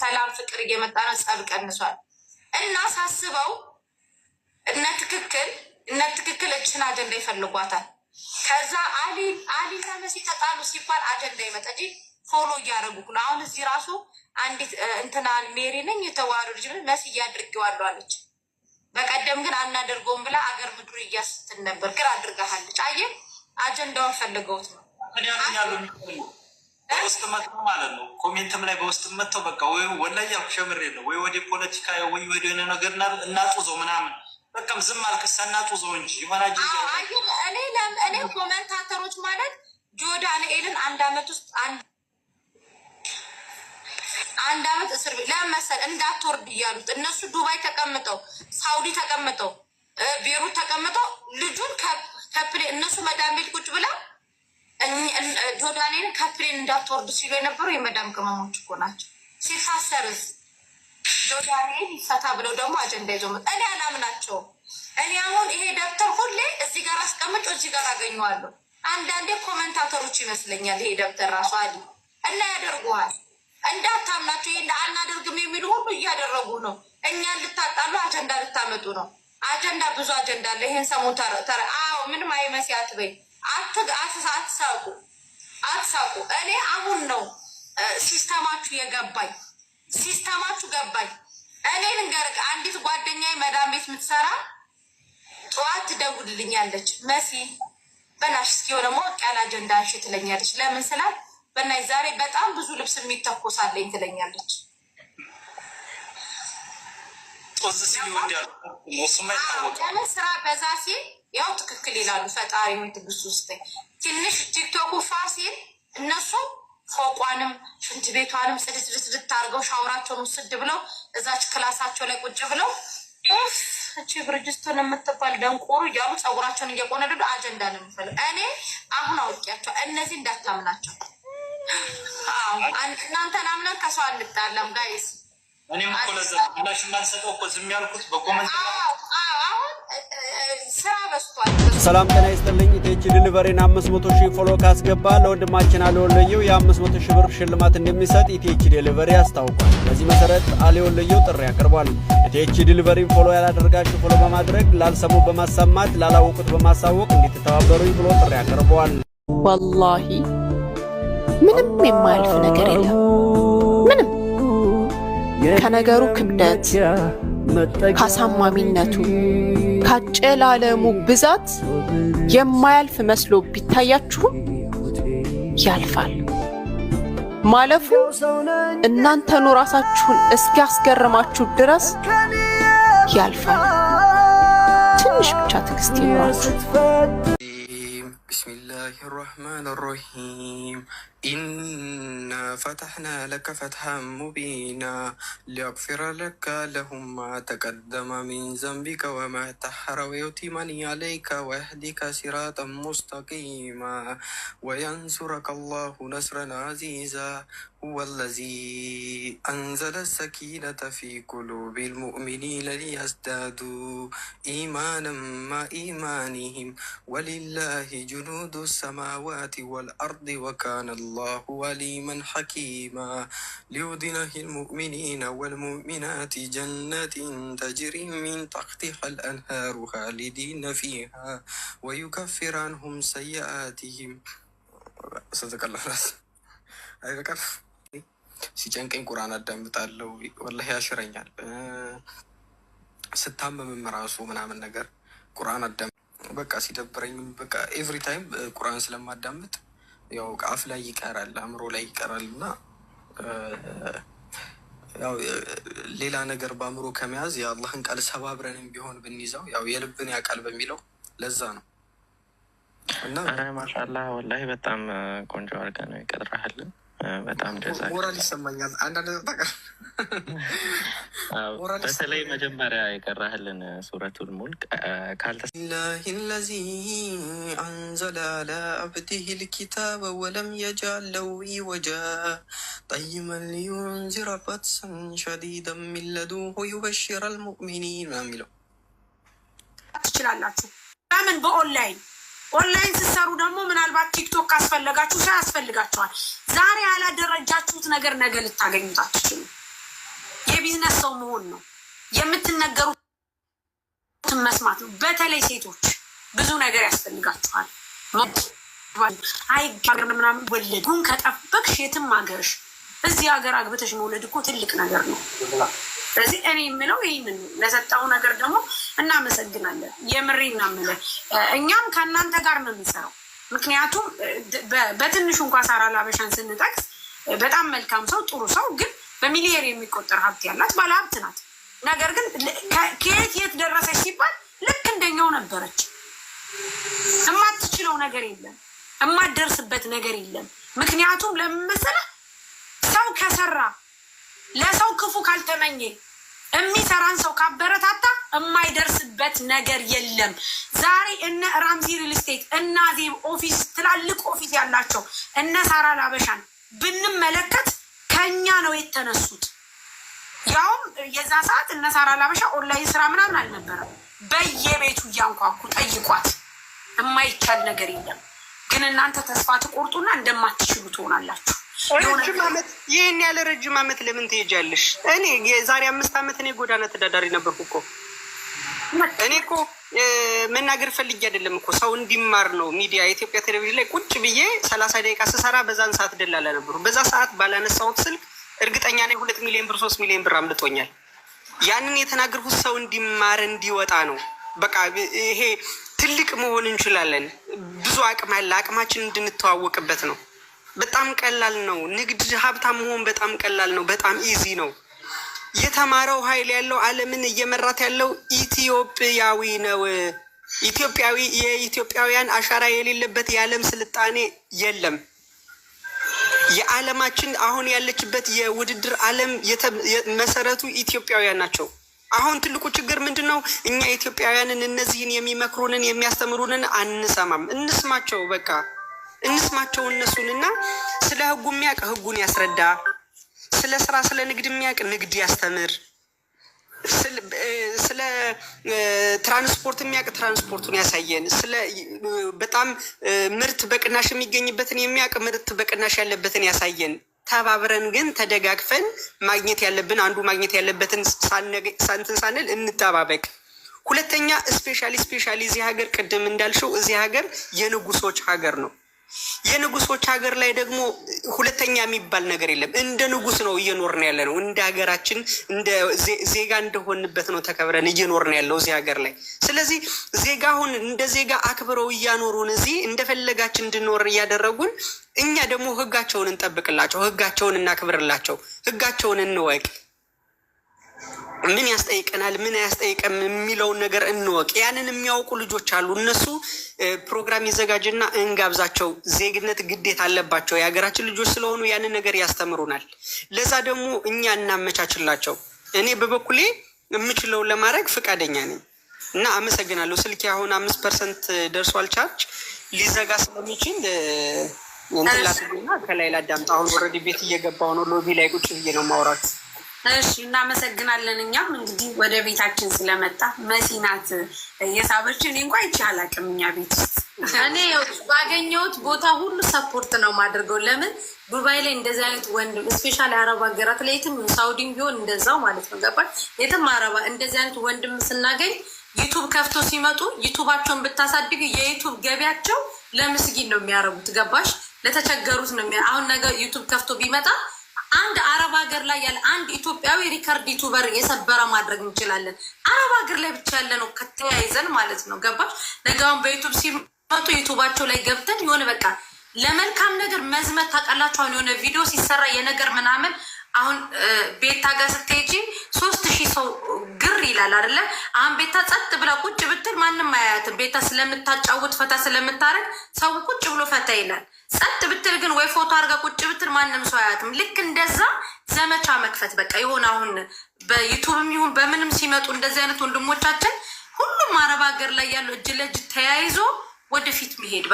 ሰላም ፍቅር እየመጣ ነው። ጸብ ቀንሷል እና ሳስበው እነ ትክክል እነ ትክክል እችን አጀንዳ ይፈልጓታል። ከዛ አሊ አሊና መሲ ተጣሉ ሲባል አጀንዳ ይመጣ እንጂ ፎሎ እያደረጉ ነው። አሁን እዚህ ራሱ አንዲት እንትና ሜሪ ነኝ የተዋሉ ልጅ መስ እያድርጌዋለሁ አለች። በቀደም ግን አናደርገውም ብላ አገር ምድሩ እያስትን ነበር፣ ግን አድርገሃለች። አየህ አጀንዳውን ፈልገውት ነው። በውስጥ መጥቶ ማለት ነው። ኮሜንትም ላይ በውስጥ መጥተው በቃ ወይ ወላያ ሸምሬ ነው ወይ ወደ ፖለቲካ ወይ ወደ የሆነ ነገር እናጡዞ ምናምን በቃም ዝም አልክ ሰናጡዞ እንጂ የሆነ እኔ ኮመንታተሮች ማለት ጆዳ ንኤልን አንድ አመት ውስጥ አንድ አመት እስር ቤት ለመሰል እንዳትወርድ እያሉት እነሱ ዱባይ ተቀምጠው ሳውዲ ተቀምጠው ቤሩት ተቀምጠው ልጁን ከፕሌ እነሱ መዳን ቤት ቁጭ ብለው ዶዳኔን ከፕሌን እንዳትወርዱ ሲሉ የነበሩ የመዳም ቅመሞች እኮ ናቸው። ሲታሰርስ ዶዳኔን ይፈታ ብለው ደግሞ አጀንዳ ይዞ መጣ። እኔ አላምናቸውም። እኔ አሁን ይሄ ደብተር ሁሌ እዚህ ጋር አስቀምጬ እዚህ ጋር አገኘዋለሁ። አንዳንዴ ኮመንታተሮች ይመስለኛል ይሄ ደብተር ራሱ አለ እና ያደርጉሃል እንዳታምናቸው። ይሄ አናደርግም የሚሉ ሁሉ እያደረጉ ነው። እኛን ልታጣሉ፣ አጀንዳ ልታመጡ ነው። አጀንዳ ብዙ አጀንዳ አለ። ይህን ሰሞን ተረ አዎ ምንም አይመሲ አትበይ፣ አትሳቁ። አትሳቁ። እኔ አሁን ነው ሲስተማችሁ የገባኝ፣ ሲስተማችሁ ገባኝ። እኔ ልንገርህ፣ አንዲት ጓደኛዬ መዳም ቤት የምትሰራ ጠዋት ትደውልልኛለች። መሲ በናሽ እስኪ የሆነ ሞቅ ያለ አጀንዳ አንሺ ትለኛለች። ለምን ስላል በናይ ዛሬ በጣም ብዙ ልብስ የሚተኮሳለኝ ትለኛለች። ጦዝ ሲል ይወዳሉ። እሱማ ይታወቃል። ስራ በዛ ሲል ያው ትክክል ይላሉ። ፈጣሪ ወይ ትግስት ውስጥ ትንሽ ቲክቶኩ ፋ ሲል እነሱ ፎቋንም ሽንት ቤቷንም ጽድት ድት አድርገው ሻወራቸውን ውስድ ብለው እዛች ክላሳቸው ላይ ቁጭ ብለው ፍ እቺ ብርጅስቶን የምትባል ደንቆሩ እያሉ ፀጉራቸውን እየቆነደዱ አጀንዳ ነው የሚፈልግ። እኔ አሁን አውቄያቸው እነዚህ እንዳታምናቸው እናንተን አምነን ከሰው አንጣላም ጋይስ እኔም እኮ ለዛ ምላሽ የማንሰጠው እኮ ዝም ያልኩት በኮመንት ሰላም ጤና ይስጥልኝ። ቴች ዲሊቨሪን አምስት ሺህ ፎሎ ካስገባ ለወንድማችን አለወለየው የአምስት መቶ ሺህ ብር ሽልማት እንደሚሰጥ ኢቴች ዲሊቨሪ አስታውቋል። በዚህ መሰረት አለወለየው ጥሪ ያቀርቧል። ኢቴች ዲሊቨሪን ፎሎ ያላደረጋችሁ ፎሎ በማድረግ ላልሰሙ በማሰማት ላላወቁት በማሳወቅ እንድትተባበሩኝ ብሎ ጥሪ ወላሂ ምንም የማያልፍ ነገር የለም ምንም ከነገሩ ክብደት፣ ካሳማሚነቱ፣ ካጨላለሙ ብዛት የማያልፍ መስሎ ቢታያችሁም ያልፋል። ማለፉ እናንተኑ ራሳችሁን እስኪያስገርማችሁ ድረስ ያልፋል። ትንሽ ብቻ ትዕግስት ይኖራችሁ። الله الرحمن الرحيم إنا فتحنا لك فتحا مبينا ليغفر لك لهم ما تقدم من ذنبك وما تحر ويتمني عليك ويهديك صراطا مستقيما وينصرك الله نصرا عزيزا هو الذي أنزل السكينة في قلوب المؤمنين ليزدادوا إيمانا مع إيمانهم ولله جنود السماوات والأرض وكان الله وليما حكيما ليدنه المؤمنين والمؤمنات جنات تجري من تحتها الأنهار خالدين فيها ويكفر عنهم سيئاتهم صدق الله راس أي بكر قرآن ራስ አይበቃል። ሲጨንቀኝ ቁርአን አዳምጣለሁ፣ ستام من مراسو من عمل نقر قرآن الدم በቃ ሲደብረኝ በቃ ኤቭሪ ታይም ቁርአን ስለማዳምጥ ያው አፍ ላይ ይቀራል አእምሮ ላይ ይቀራል እና ያው ሌላ ነገር በአእምሮ ከመያዝ የአላህን ቃል ሰባብረንም ቢሆን ብንይዘው ያው የልብን ያውቃል በሚለው ለዛ ነው። እና ማሻላ ወላሂ በጣም ቆንጆ አድርገህ ነው ይቀጥረሃልን። በጣም ደዛ ሞራል ይሰማኛል አንዳንድ በተለይ መጀመሪያ የቀራህልን ሱረቱል ሙልክ ካልተላሂለዚ አንዘለ አላ አብዲህ ልኪታበ ወለም የጃል ለሁ ኢወጃ ጠይመን ሊዩንዚረ በጥሰን ሸዲደን ሚን ለዱሁ ነው የሚለው። ትችላላችሁ። ለምን በኦንላይን ኦንላይን ስትሰሩ ደግሞ ምናልባት ቲክቶክ ካስፈለጋችሁ ሰው ያስፈልጋችኋል። ዛሬ ያላደረጃችሁት ነገር ነገ ልታገኙት አትችሉም። የቢዝነስ ሰው መሆን ነው። የምትነገሩትን መስማት ነው። በተለይ ሴቶች ብዙ ነገር ያስፈልጋችኋል። አይ ሀገር ምናምን ወለዱን ከጠበቅሽ የትም ሀገርሽ እዚህ ሀገር አግብተሽ መውለድ እኮ ትልቅ ነገር ነው። ስለዚህ እኔ የምለው ይህንን ለሰጣው ነገር ደግሞ እናመሰግናለን። የምሬ እናምለ እኛም ከእናንተ ጋር ነው የምንሰራው። ምክንያቱም በትንሹ እንኳ ሳራ ላበሻን ስንጠቅስ በጣም መልካም ሰው ጥሩ ሰው ግን በሚሊየር የሚቆጠር ሀብት ያላት ባለ ሀብት ናት። ነገር ግን ከየት የት ደረሰች ሲባል ልክ እንደኛው ነበረች። የማትችለው ነገር የለም፣ የማትደርስበት ነገር የለም። ምክንያቱም ለምን መሰለህ? ሰው ከሰራ ለሰው ክፉ ካልተመኘ የሚሰራን ሰው ካበረታታ የማይደርስበት ነገር የለም። ዛሬ እነ ራምዚ ሪል ስቴት እና ዜብ ኦፊስ ትላልቅ ኦፊስ ያላቸው እነ ሳራ ላበሻን ብንመለከት ከኛ ነው የተነሱት። ያውም የዛ ሰዓት እነ ሳራ ላበሻ ኦንላይን ስራ ምናምን አልነበረም። በየቤቱ እያንኳኩ ጠይቋት፣ የማይቻል ነገር የለም። ግን እናንተ ተስፋ ትቆርጡና እንደማትችሉ ትሆናላችሁ። ረጅም ዓመት ይህን ያለ ረጅም ዓመት ለምን ትሄጃለሽ? እኔ የዛሬ አምስት ዓመት እኔ ጎዳና ተዳዳሪ ነበርኩ እኮ እኔ እኮ መናገር ፈልጌ አይደለም እኮ ሰው እንዲማር ነው። ሚዲያ የኢትዮጵያ ቴሌቪዥን ላይ ቁጭ ብዬ ሰላሳ ደቂቃ ስሰራ በዛን ሰዓት ደላላ ነበሩ። በዛ ሰዓት ባላነሳሁት ስልክ እርግጠኛ ነኝ ሁለት ሚሊዮን ብር ሶስት ሚሊዮን ብር አምልጦኛል። ያንን የተናገርኩት ሰው እንዲማር እንዲወጣ ነው። በቃ ይሄ ትልቅ መሆን እንችላለን፣ ብዙ አቅም አለ፣ አቅማችን እንድንተዋወቅበት ነው። በጣም ቀላል ነው። ንግድ ሀብታም መሆን በጣም ቀላል ነው። በጣም ኢዚ ነው። የተማረው ኃይል ያለው ዓለምን እየመራት ያለው ኢትዮጵያዊ ነው። ኢትዮጵያዊ የኢትዮጵያውያን አሻራ የሌለበት የዓለም ስልጣኔ የለም። የዓለማችን አሁን ያለችበት የውድድር ዓለም መሰረቱ ኢትዮጵያውያን ናቸው። አሁን ትልቁ ችግር ምንድን ነው? እኛ ኢትዮጵያውያንን እነዚህን የሚመክሩንን የሚያስተምሩንን አንሰማም። እንስማቸው፣ በቃ እንስማቸው እነሱንና ስለ ህጉ የሚያውቅ ህጉን ያስረዳ ስለ ስራ ስለ ንግድ የሚያውቅ ንግድ ያስተምር፣ ስለ ትራንስፖርት የሚያውቅ ትራንስፖርቱን ያሳየን፣ ስለ በጣም ምርት በቅናሽ የሚገኝበትን የሚያውቅ ምርት በቅናሽ ያለበትን ያሳየን። ተባብረን ግን ተደጋግፈን ማግኘት ያለብን አንዱ ማግኘት ያለበትን ሳንትን ሳንል እንጠባበቅ። ሁለተኛ ስፔሻሊ ስፔሻሊ እዚህ ሀገር ቅድም እንዳልሽው እዚህ ሀገር የንጉሶች ሀገር ነው። የንጉሶች ሀገር ላይ ደግሞ ሁለተኛ የሚባል ነገር የለም። እንደ ንጉስ ነው እየኖርን ያለ ነው። እንደ ሀገራችን እንደ ዜጋ እንደሆንበት ነው ተከብረን እየኖርን ያለው እዚህ ሀገር ላይ። ስለዚህ ዜጋ እንደ ዜጋ አክብረው እያኖሩን እዚህ እንደፈለጋችን እንድኖር እያደረጉን፣ እኛ ደግሞ ህጋቸውን እንጠብቅላቸው፣ ህጋቸውን እናክብርላቸው፣ ህጋቸውን እንወቅ። ምን ያስጠይቀናል፣ ምን አያስጠይቀም የሚለውን ነገር እንወቅ። ያንን የሚያውቁ ልጆች አሉ። እነሱ ፕሮግራም ይዘጋጅና እንጋብዛቸው። ዜግነት ግዴታ አለባቸው። የሀገራችን ልጆች ስለሆኑ ያንን ነገር ያስተምሩናል። ለዛ ደግሞ እኛ እናመቻችላቸው። እኔ በበኩሌ የምችለውን ለማድረግ ፈቃደኛ ነኝ እና አመሰግናለሁ። ስልክ አሁን አምስት ፐርሰንት ደርሷል ቻርጅ ሊዘጋ ስለሚችል እንትላትና ከላይ ላዳምጣ። አሁን ወረድ ቤት እየገባው ነው። ሎቢ ላይ ቁጭ ብዬ ነው ማውራት እሺ እናመሰግናለን። እኛም እንግዲህ ወደ ቤታችን ስለመጣ መሲናት እየሳበችን እኔ እንኳ አይቼ አላውቅም። እኛ ቤት እኔ ባገኘሁት ቦታ ሁሉ ሰፖርት ነው ማድርገው። ለምን ዱባይ ላይ እንደዚህ አይነት ወንድ ስፔሻሊ አረብ ሀገራት ላይ የትም ሳውዲም ቢሆን እንደዛው ማለት ነው ገባል። የትም አረባ እንደዚህ አይነት ወንድም ስናገኝ ዩቱብ ከፍቶ ሲመጡ ዩቱባቸውን ብታሳድግ የዩቱብ ገቢያቸው ለምስጊን ነው የሚያረጉት። ገባሽ? ለተቸገሩት ነው። አሁን ነገር ዩቱብ ከፍቶ ቢመጣ አንድ አረብ ሀገር ላይ ያለ አንድ ኢትዮጵያዊ ሪከርድ ዩቱበር የሰበረ ማድረግ እንችላለን። አረብ ሀገር ላይ ብቻ ያለ ነው ከተያይዘን ማለት ነው። ገባሽ? ነገውን በዩቱብ ሲመጡ ዩቱባቸው ላይ ገብተን የሆነ በቃ ለመልካም ነገር መዝመት ታውቃላችሁ። አሁን የሆነ ቪዲዮ ሲሰራ የነገር ምናምን አሁን ቤታ ጋር ስትሄጂ ይላል አይደለ? አሁን ቤታ ጸጥ ብላ ቁጭ ብትል ማንም አያያትም። ቤታ ስለምታጫውት ፈታ ስለምታረግ ሰው ቁጭ ብሎ ፈታ ይላል። ጸጥ ብትል ግን ወይ ፎቶ አድርጋ ቁጭ ብትል ማንም ሰው አያያትም። ልክ እንደዛ ዘመቻ መክፈት በቃ ይሆን አሁን በዩቱብም ይሁን በምንም ሲመጡ እንደዚህ አይነት ወንድሞቻችን ሁሉም አረብ ሀገር ላይ ያለው እጅ ለእጅ ተያይዞ ወደፊት መሄድ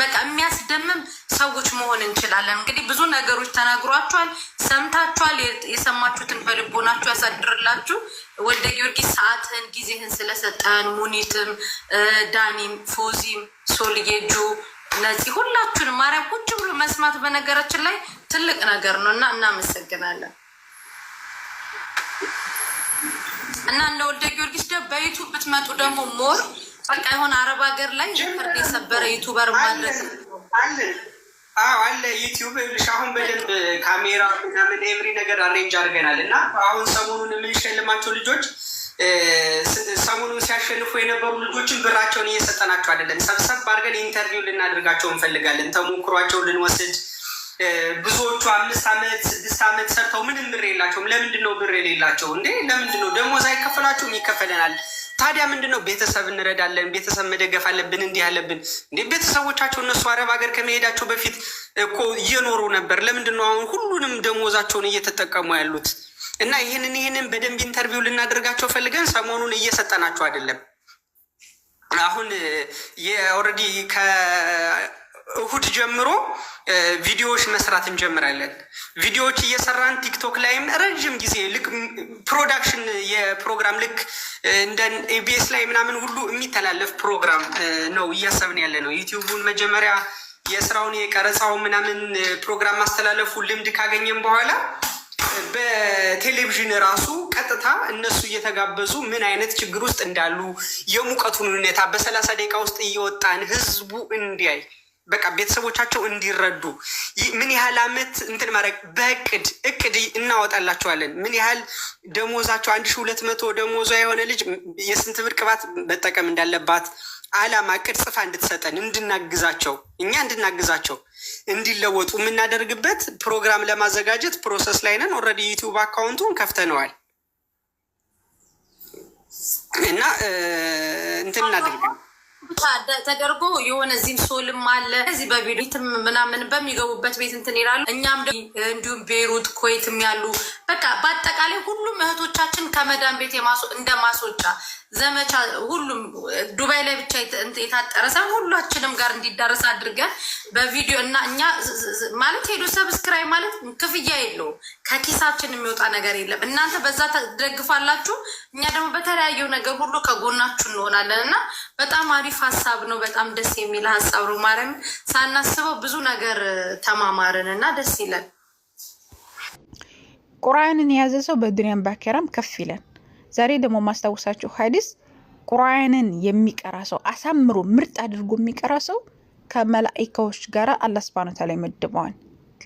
በቃ የሚያስደምም ሰዎች መሆን እንችላለን። እንግዲህ ብዙ ነገሮች ተናግሯችኋል፣ ሰምታችኋል። የሰማችሁትን በልቦናችሁ ያሳድርላችሁ። ወልደ ጊዮርጊስ ሰዓትን ጊዜህን ስለሰጠን ሙኒትም፣ ዳኒም፣ ፎዚም፣ ሶልጌጁ እነዚህ ሁላችሁን ማርያም ቁጭ ብሎ መስማት በነገራችን ላይ ትልቅ ነገር ነው እና እናመሰግናለን። እና እንደ ወልደ ጊዮርጊስ ደ በዩቱብ ብትመጡ ደግሞ ሞር በቃ የሆነ አረብ ሀገር ላይ የሰበረ ዩቱበር ነው። አዎ አለ ዩቲዩብ ልሽ አሁን በደንብ ካሜራ ምናምን ኤቭሪ ነገር አሬንጅ አድርገናል። እና አሁን ሰሞኑን የምንሸልማቸው ልጆች ሰሞኑን ሲያሸንፉ የነበሩ ልጆችን ብራቸውን እየሰጠናቸው አይደለም። ሰብሰብ አድርገን ኢንተርቪው ልናደርጋቸው እንፈልጋለን። ተሞክሯቸው ልንወስድ ብዙዎቹ አምስት ዓመት ስድስት ዓመት ሰርተው ምንም ብር የላቸውም። ለምንድን ነው ብር የሌላቸው እንዴ? ለምንድን ነው ደሞዝ አይከፈላቸውም? ይከፈለናል ታዲያ ምንድን ነው ቤተሰብ እንረዳለን፣ ቤተሰብ መደገፍ አለብን፣ እንዲህ አለብን። እንደ ቤተሰቦቻቸው እነሱ አረብ ሀገር ከመሄዳቸው በፊት እኮ እየኖሩ ነበር። ለምንድን ነው አሁን ሁሉንም ደሞዛቸውን እየተጠቀሙ ያሉት? እና ይህንን ይህንን በደንብ ኢንተርቪው ልናደርጋቸው ፈልገን ሰሞኑን እየሰጠናቸው አይደለም። አሁን ኦልሬዲ እሁድ ጀምሮ ቪዲዮዎች መስራት እንጀምራለን። ቪዲዮዎች እየሰራን ቲክቶክ ላይም ረዥም ጊዜ ልክ ፕሮዳክሽን የፕሮግራም ልክ እንደ ኤቢኤስ ላይ ምናምን ሁሉ የሚተላለፍ ፕሮግራም ነው እያሰብን ያለ ነው። ዩቲዩቡን መጀመሪያ የስራውን የቀረጻው ምናምን ፕሮግራም ማስተላለፉ ልምድ ካገኘም በኋላ በቴሌቪዥን ራሱ ቀጥታ እነሱ እየተጋበዙ ምን አይነት ችግር ውስጥ እንዳሉ የሙቀቱን ሁኔታ በሰላሳ ደቂቃ ውስጥ እየወጣን ህዝቡ እንዲያይ በቃ ቤተሰቦቻቸው እንዲረዱ ምን ያህል አመት እንትን ማድረግ በእቅድ እቅድ እናወጣላቸዋለን። ምን ያህል ደሞዛቸው አንድ ሺ ሁለት መቶ ደሞዟ የሆነ ልጅ የስንት ብር ቅባት መጠቀም እንዳለባት አላማ እቅድ ጽፋ እንድትሰጠን እንድናግዛቸው እኛ እንድናግዛቸው እንዲለወጡ የምናደርግበት ፕሮግራም ለማዘጋጀት ፕሮሰስ ላይ ነን። ኦልሬዲ ዩቲዩብ አካውንቱን ከፍተነዋል እና እንትን እናደርጋለን ተደርጎ የሆነ እዚህም ሶልም አለ እዚህ በቤትም ምናምን በሚገቡበት ቤት እንትን ይላሉ። እኛም እንዲሁም ቤሩት ኮይትም ያሉ በቃ በአጠቃላይ ሁሉም እህቶቻችን ከመዳን ቤት እንደ ማስወጫ ዘመቻ ሁሉም ዱባይ ላይ ብቻ የታጠረ ሰው ሁላችንም ጋር እንዲዳረስ አድርገን በቪዲዮ እና እኛ ማለት ሄዶ ሰብስክራይ ማለት ክፍያ የለውም። ከኪሳችን የሚወጣ ነገር የለም። እናንተ በዛ ተደግፋላችሁ፣ እኛ ደግሞ በተለያየው ነገር ሁሉ ከጎናችሁ እንሆናለን እና በጣም አሪፍ አሪፍ ሀሳብ ነው። በጣም ደስ የሚል ሀሳብ ነው። ማርያም ሳናስበው ብዙ ነገር ተማማርን እና ደስ ይለን። ቁርአንን የያዘ ሰው በዱንያም ባኬራም ከፍ ይለን። ዛሬ ደግሞ ማስታወሳችሁ ሀዲስ ቁርአንን የሚቀራ ሰው አሳምሮ ምርጥ አድርጎ የሚቀራ ሰው ከመላኢካዎች ጋር አላህ ስብሃነ ወተዓላ ይመድበዋል።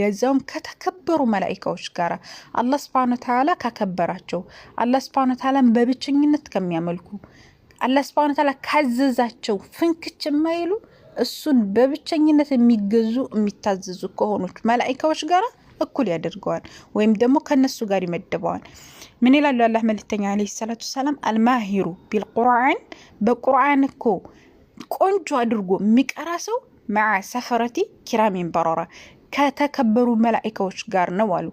ለዚያውም ከተከበሩ መላኢካዎች ጋር አላህ ስብሃነ ወተዓላ ካከበራቸው አላህ ስብሃነ ወተዓላን በብቸኝነት ከሚያመልኩ አላህ ስብሃነ ተዓላ ካዘዛቸው ፍንክች የማይሉ እሱን በብቸኝነት የሚገዙ የሚታዘዙ ከሆኑት መላኢካዎች ጋር እኩል ያደርገዋል፣ ወይም ደግሞ ከነሱ ጋር ይመድበዋል። ምን ይላሉ አላህ መልእክተኛ አለይሂ ሰላቱ ሰላም አልማሂሩ ቢልቁርአን በቁርአን እኮ ቆንጆ አድርጎ የሚቀራ ሰው መዓ ሰፈረቲ ኪራሚን በረራ ከተከበሩ መላኢካዎች ጋር ነው አሉ።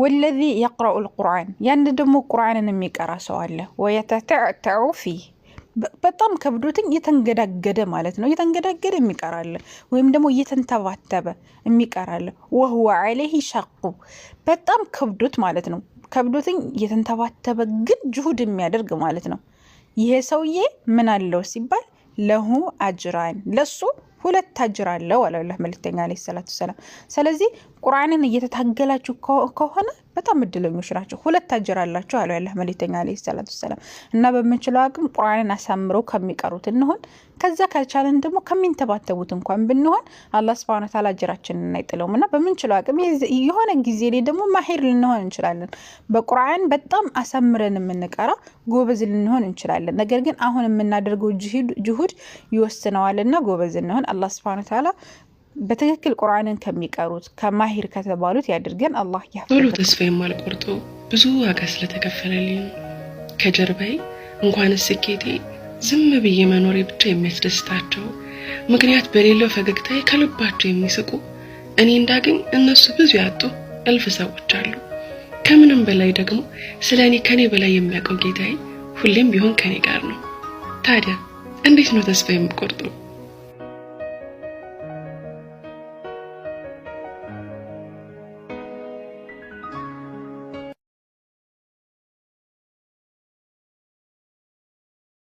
ወለዚ የቅረኡ ልቁርአን ያን ደግሞ ቁርአንን የሚቀራ ሰው አለ። ወየተተዕተዑ ፊህ በጣም ከብዶትኝ እየተንገዳገደ ማለት ነው። እየተንገዳገደ የሚቀራለ ወይም ደግሞ እየተንተባተበ የሚቀራለ ወህወ ዐለይህ ሸቁ በጣም ከብዶት ማለት ነው። ከብዶትኝ እየተንተባተበ ግን ጅሁድ የሚያደርግ ማለት ነው። ይሄ ሰውዬ ምን አለው ሲባል ለሁ አጅራን ለሱ ሁለት ታጅር አለው አለ መልክተኛ ዓለይሂ ሰላቱ ሰላም። ስለዚህ ቁርአንን እየተታገላችሁ ከሆነ በጣም እድለኞች ናቸው። ሁለት አጀር አላቸው አሉ ያለ መልእክተኛ ዐለይሂ ሰላቱ ወሰላም እና በምንችለው አቅም ቁርአንን አሳምረው ከሚቀሩት እንሆን፣ ከዛ ካልቻለን ደግሞ ከሚንተባተቡት እንኳን ብንሆን አላህ ሱብሃነሁ ወተዓላ አጀራችንን አይጥለውም እና በምንችለው አቅም የሆነ ጊዜ ላይ ደግሞ ማሄር ልንሆን እንችላለን። በቁርአን በጣም አሳምረን የምንቀራ ጎበዝ ልንሆን እንችላለን። ነገር ግን አሁን የምናደርገው ጅሁድ ይወስነዋልና ጎበዝ እንሆን። አላህ ሱብሃነሁ ወተዓላ በትክክል ቁርአንን ከሚቀሩት ከማሂር ከተባሉት ያድርገን። አላህ ቶሎ ተስፋ የማልቆርጦ ብዙ ዋጋ ስለተከፈለልኝ ከጀርባዬ እንኳን ስኬቴ ዝም ብዬ መኖሬ ብቻ የሚያስደስታቸው ምክንያት በሌለው ፈገግታዬ ከልባቸው የሚስቁ እኔ እንዳገኝ እነሱ ብዙ ያጡ እልፍ ሰዎች አሉ። ከምንም በላይ ደግሞ ስለ እኔ ከኔ በላይ የሚያውቀው ጌታዬ ሁሌም ቢሆን ከኔ ጋር ነው። ታዲያ እንዴት ነው ተስፋ የምቆርጠው?